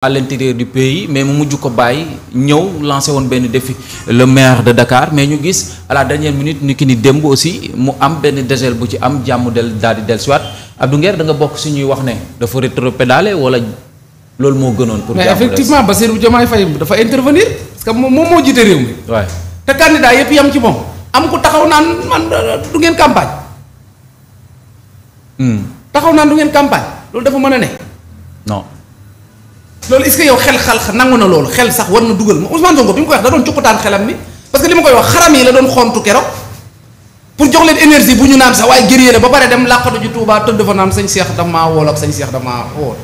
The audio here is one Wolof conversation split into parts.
à l'intérieur du pays mais mu mujj ko bàyyi ñëw lancé woon benn défi le maire de Dakar mais ñu gis à la dernière minute ni ki ni démb aussi mu am benn dégel bu ci am jàmm del daal di dellusiwaat Abdou Nguer da nga bokk si ñuy wax ne dafa rétropédalé wala loolu moo gënoon. pour mais effectivement Bassirou Diomaye Faye dafa intervenir parce que moom moo jiite réew mi. waay te candidat yëpp yam ci moom. am ko taxaw naan man du ngeen campagne. Hmm. taxaw naan du ngeen campagne loolu dafa mën a ne. loolu est-ce que yow xel xal nangu na loolu xel sax war na dugal ma Ousmane Sonko bi mu koy wax da doon cukkutaan xelam mi parce que li ma koy wax xaram yi la doon xontu keroog pour jox leen énergie bu ñu naan sax waaye guerrier la ba pare dem làqatu ji Touba tëdd fa naan sañ Cheikh dama wool ak sañ Cheikh dama wool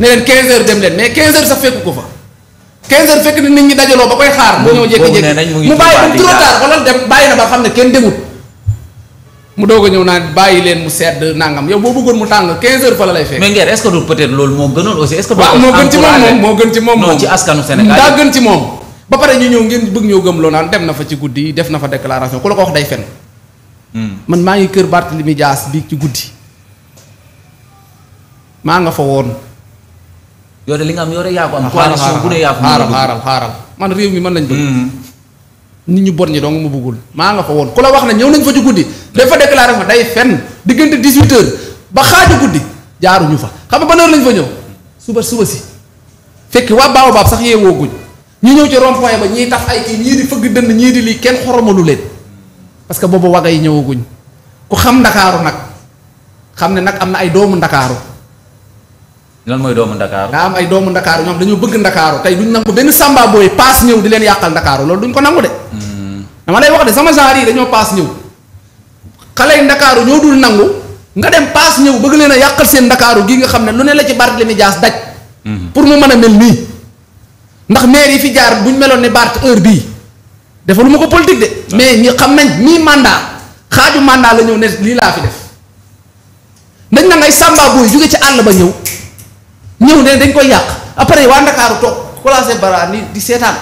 ne leen 15 heures dem leen mais 15 heures fekk ko fa 15 fekk ni nit ñi dajaloo ba koy xaar. mu ñëw jékki-jékki mu bàyyi ba trop tard xam ne kenn demut. mu doog a ñëw naan bàyyi leen mu sedd nangam yow boo bëggoon mu tàng 15 heures fa la lay fekk. mais Nguer est-ce que du peut-être loolu moo gënoon aussi est-ce que. waaw moo gën ci moom moo gën ci moom moom non ci askanu Sénégal daa gën ci moom. ba pare ñu ñëw ngeen bëgg ñoo gëm loo naan dem na fa ci guddi def na fa déclaration ku la ko wax day fen hmm. man maa ngi kër Barthélemy Dias bii ci guddi maa nga fa woon. yore li nga am yore yaa ko am. xaaral xaaral coalition bu ne yaa ko xaaral xaaral man réew mi man lañ bëgg. Hmm. nit ñu bon ñi dong ma bëggul maa nga fa woon ku la wax na ñëw nañ fa ci guddi dafa déclaré fa day fenn diggante 18 heures ba xaaju guddi jaaruñu fa xam nga ba heure lañ fa ñëw suba suba si fekk waa baaw baab sax yeewoo guñ ñu ñëw ci rond-point ba ñii tax ay kii ñii di fëgg dënd ñii di lii kenn xoromalu leen parce que boobu waga yi ñëw ñëwaguñ ku xam ndakaaru nag xam ne nag am na ay doomu ndakaaru lan mooy doomu ndakaaru daa am ay doomu ndakaaru ñoom dañoo bëgg ndakaaru tey duñ nangu benn samba booy paas ñëw di leen yàqal ndakaaru loolu duñ ko nangu de hmm. dama lay wax de sama genre yi dañoo paas ñëw xale yi ndakaaru ñoo dul nangu nga dem paas ñëw bëgg leen a yàqal seen ndakaaru gi nga xam ne lu ne la ci Barthélémy Dias daj hmm. pour mu mën a mel nii ndax maire yi fi jaar buñ meloon ne Barth heure bii dafa ma ko politique de ah. mais ñi xam nañ mii mandat xaaju mandat la ñëw ne lii laa fi def dañ na ngay sàmba ci àll ba ñëw ñëw ne dañ koy yàq après waa Ndakaaru toog collacé bara ni di seetaan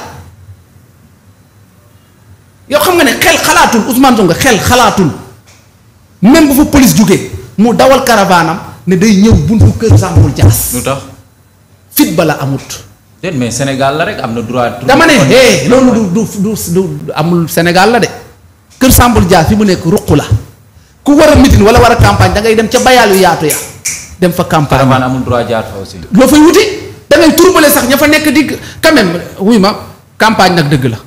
yow xam nga ne xel xalaatul Ousmane nga xel xalaatul même bu fa police jógee mu dawal caravanam ne day ñëw buntu kër Samour Dias. lu tax fit bala amut. déet mais Sénégal la rek am na droit. dama ne eh loolu du du du amul Sénégal la de kër Samour Dias fi mu nekk ruq la ku war a mitin wala war a campagne da ngay dem ca bayaalu yaatu ya dem fa campagne. caravane amul droit jaar fa aussi. loo fay wuti da turbale sax ña fa nekk di quand même wuy ma campagne nag dëgg la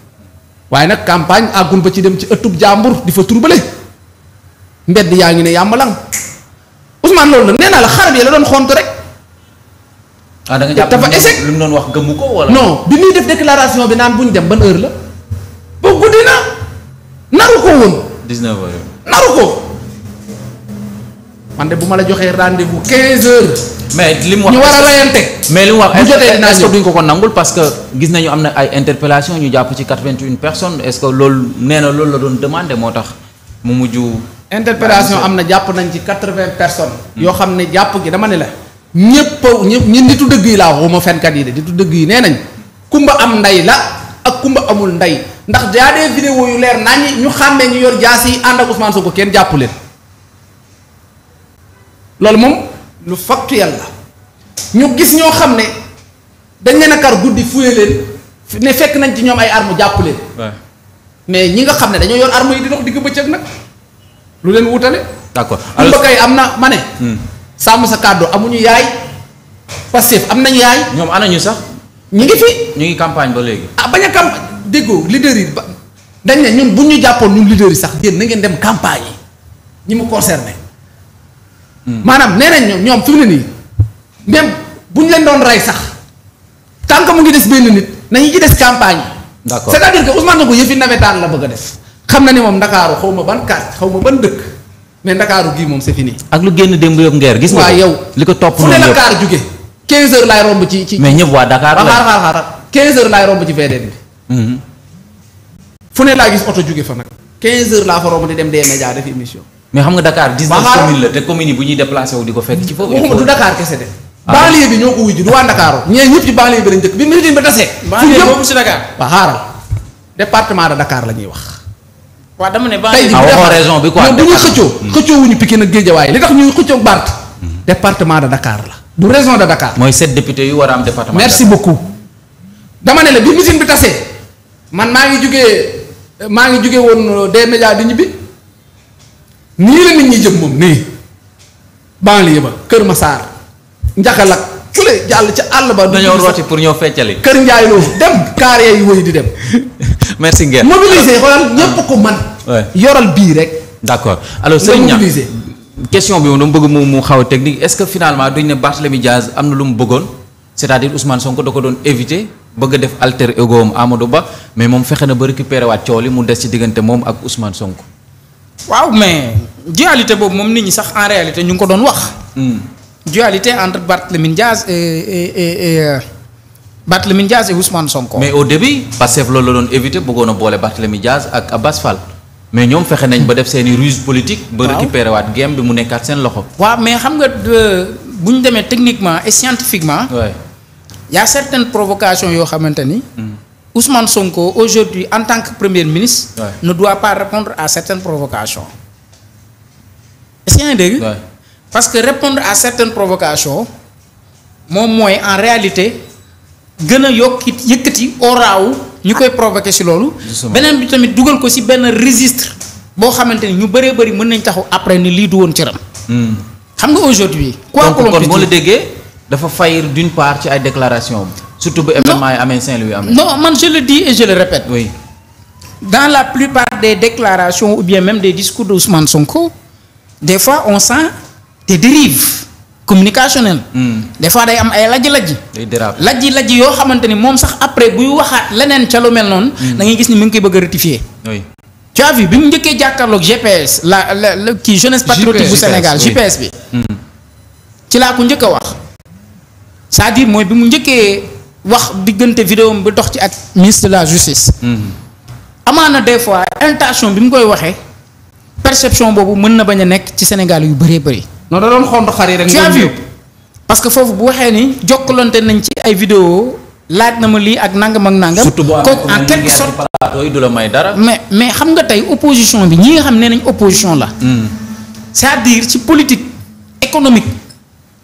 waaye nag campagne àggul ba ci dem ci ëttub jàmbur di fa turbale mbedd yaa ngi ne yàmbalang Ousmane loolu nag nee naa la xarab yi la doon xontu rek. ah nga jàpp dafa échec lu mu wax gëmu ko wala. non bi muy def déclaration bi naan bu ñu dem ban heure la. ba guddi na naru ko woon. 19 naru ko. man de bu ma la joxee rendez-vous 15 heures. mais li mu wax ñu war a rayante. mais li mu wax est-ce que duñ parce que gis nañu am na ay interpellation ñu jàpp ci 81 personnes est-ce que loolu nee na loolu la doon demande moo tax mu mujj. interpellation am na jàpp nañ ci vingt personnes. Hmm. yoo xam ne jàpp gi dama ne la. ñëpp a ñëpp ñi nitu dëgg yi laa waxuma fenkat yi de nitu dëgg yi nee nañ. kumba am ndey la ak kumba amul ndey ndax yaa des vidéo yu leer naññi ñu xàmmee ñu yor jaas yi ànd ak Ousmane Sonko kenn jàppu loolu moom lu factuel la ñu gis ñoo xam ne dañ leen a guddi fuye leen ne fekk nañ ci ñoom ay armu jàpp leen. mais ñi nga xam ne dañoo yor armes yi di dox digg bëccëg nag lu leen wutale. d'accord alors kay am na ma ne. Hmm. sàmm sa kàddu amuñu yaay. Pastef am nañu yaay. ñoom anañu sax. ñu ngi fi. ñu ngi campagne ba léegi. ah bañ a campagne déggoo leader ba dañ ne ñun bu ñu jàppoon ñun leader yi sax. yéen na ngeen dem campagne yi ñi mu concerné. maanaam nee nañ ñoom fi ne nii même bu ñu leen doon rey sax tant que mu ngi des benn nit nañu ci des campagne yi. d'accord c'est-à-dire que Ousmane Sonko yëfi nawetaan la bëgg a def. xam na ni moom Ndakaaru xaw ma ban kaas xaw ma ban dëkk mais Ndakaaru gii moom c'est fini. ak lu génn démb yëpp ngeer gis ma yow li ko topp fu ne la kaar jóge 15 heures laay romb ci ci. mais ñëpp waa Dakar la xaar xaar xaar 15 heures laay romb ci bi. Mhm. fu ne laa gis oto jóge fa nag. 15 heures laa fa romb di dem des médias def émission. mais xam nga Dakar 19 communes la te communes yi bu ñuy déplacé wu di ko fekk. ci foofu il du Dakar kese de. Ah, banlieue bi ñoo ko wuyu du waa Dakar. ñeent ñëpp ci banlieue bi lañ dëkk bi mérite ba tasee. banlieue boobu si Dakar fu xaaral département de Dakar la ñuy wax. waaw dama ne banlieue bi ah, waxoo raison bi quoi bu ñuy xëccoo. Hmm. xëccoo wu ñu Pikine ak Guédiawaye li tax ñuy xëccoo Bart. Hmm. département de Dakar la. du raison de Dakar. mooy sept députés yu war a am département. merci beaucoup. dama ne la bi meeting bi tasee man maa ngi jugee maa ngi jugee woon euh, des médias di ñibbi nii la nit ñi jëm moom nii banlieue ba Kër Massar Njaxal ak fële jàll ci àll ba. dañoo rooti pour ñoo feccali. Kër Njaay loo dem. carré yi wëy di dem. merci ngeen mobiliser xoolal ñëpp ah. ko man yoral bii rek. d'accord alors sëñ Niang question bi moom dama bëgg mu mu xaw technique est-ce que finalement duñ ne Barthélemy Diaz am na lu mu bëggoon c'est-à-dire Ousmane Sonko da ko doon éviter bëgg a def alter ego am Ba mais moom fexe na ba récupérer waat coow li mu des ci diggante moom ak Ousmane Sonko. waaw mais dualité boobu moom nit ñi sax en réalité ñu ngi ko doon wax. Hmm. dualité entre Barthélémy Diaz et et et euh, Barthélémy Diaz et Ousmane Sonko. mais au début Pastef loolu la doon éviter bëggoon a boole Barthélémy Diaz ak Abbas Fall mais ñoom fexe nañ ba def seeni ruse politique. ba récupérer waat game bi mu nekkaat seen loxo. waaw mais xam nga bu ñu demee techniquement et scientifiquement. waay ouais. y provocations yoo xamante ni. Hmm. Ousmane Sonko aujourd'hui en tant que premier ministre. Ouais. ne doit pas répondre à certaines provocations. est-ce que parce que répondre à certaines provocation moom mooy en réalité gën a yokki yëkkati oraaw ñu koy provoquer ci loolu. beneen bi tamit dugal ko ci benn registre boo xamante ni ñu bëree bëri mën nañ taxaw après ni lii du woon cëram. Hmm. xam nga aujourd'hui quoi ko l'on peut la déggee dafa faillir d'une part ci ay déclaration surtout bu événement yi amee Saint-Louis amee. non man je le dis et je le répète. dans la plupart des déclarations ou bien même des discours de Ousmane Sonko des fois on sent te dérives communicationnelles. Mm. des fois day am ay lajj-lajj. day déraper lajj-lajj yoo xamante ni moom sax après buy waxaat leneen ca lu mel noonu. Hmm. da ngay gis ni mu ngi koy bëgg a rectifier. oui tu bi mu njëkkee jàkkaarloog GPS la la la kii jeunesse patriotique bu Sénégal GPS bi. Hmm. ci laa ko njëkk a wax. cest à mooy bi mu njëkkee wax diggante vidéo ba dox ci ak ministre de la justice. Mm-hmm. amaana des fois intention bi mu koy waxee perception boobu mën na bañ a nekk ci Sénégal yu bëree bëri. non da doon xont xar yi rek. parce que foofu bu waxee ni jokkalante nañ ci ay vidéo laaj na ma lii ak nangam ak nangam. surtout boo en quelque sorte du la may dara. mais mais xam nga tey opposition bi ñi nga xam ne nañ opposition la. Mm. cest à ci politique économique.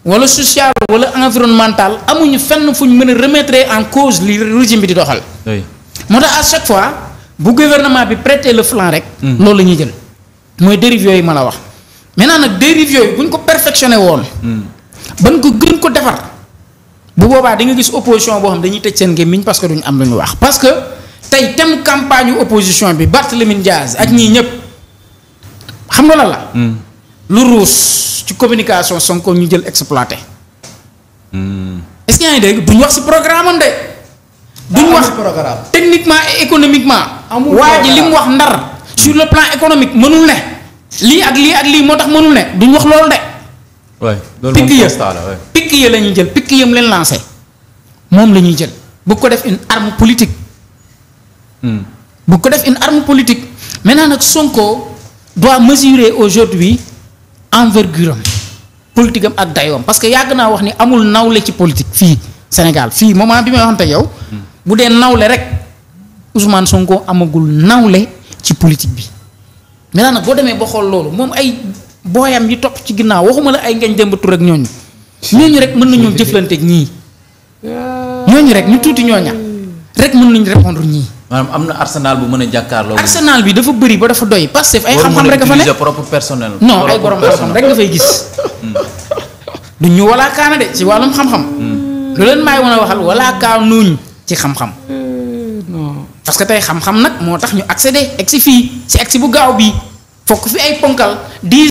wala social wala environnemental amuñu fenn fu ñu mën a remettre en cause li régime bi di doxal. moo tax à chaque fois bu gouvernement bi prêter le flan rek. Hmm. loolu la ñuy jël mooy dérive yi ma la wax. maintenant nag dérive yooyu bu ko perfectionné woon. Hmm. ba ñu ko gën ko defar. bu boobaa di nga gis opposition boo xam dañuy tëj seen gémmiñ parce que duñu am lu ñu wax parce que tey thème campagne opposition bi Barthélémy Diaz ak ñii ñëpp xam nga lan la. Hmm. lu ruus ci communication Sonko ñu jël exploité. est-ce que yaa duñ wax si programme am de. duñ wax programme techniquement et économiquement. waa ji li mu wax ndar. sur le plan économique mënul ne. lii ak lii ak lii moo tax mënul ne duñ wax lool de. loolu la waay pikk ya jël pikk yam leen lancé moom la ñuy jël bu ko def une arme politique. Hmm. bu ko def une arme politique maintenant nag Sonko doit mesurer aujourd'hui envergure am politique am ak dayoom parce que yàgg naa wax ni amul nawle ci politique fii Sénégal fii moment bi may waxante yow bu dee nawle rek Ousmane Sonko amagul nawle ci politique bi mais daanaka boo demee ba xool loolu moom ay booyam yi topp ci ginnaaw waxuma la ay ngañ démbatur rek ñooñu ñooñu rek mën nañoo jëflante ñii ñooñu rek ñu tuuti ñooña rek mën nañu répondre ñii maanaam am na arsenal bu mën a jàkkaarloo. arsenal bi dafa bëri ba dafa doy Pastef ay xam-xam rek a fa ne propre personnel. non ay borom xam-xam rek nga fay gis. du ñu walaakaana de ci wàllum xam-xam. Hmm. lu leen maay mën a waxal walaakaanuñ ci xam-xam. Euh, non parce que tey xam-xam nag moo tax ñu accéder egg si fii si egg bu gaaw bi fokk fi ay ponkal di.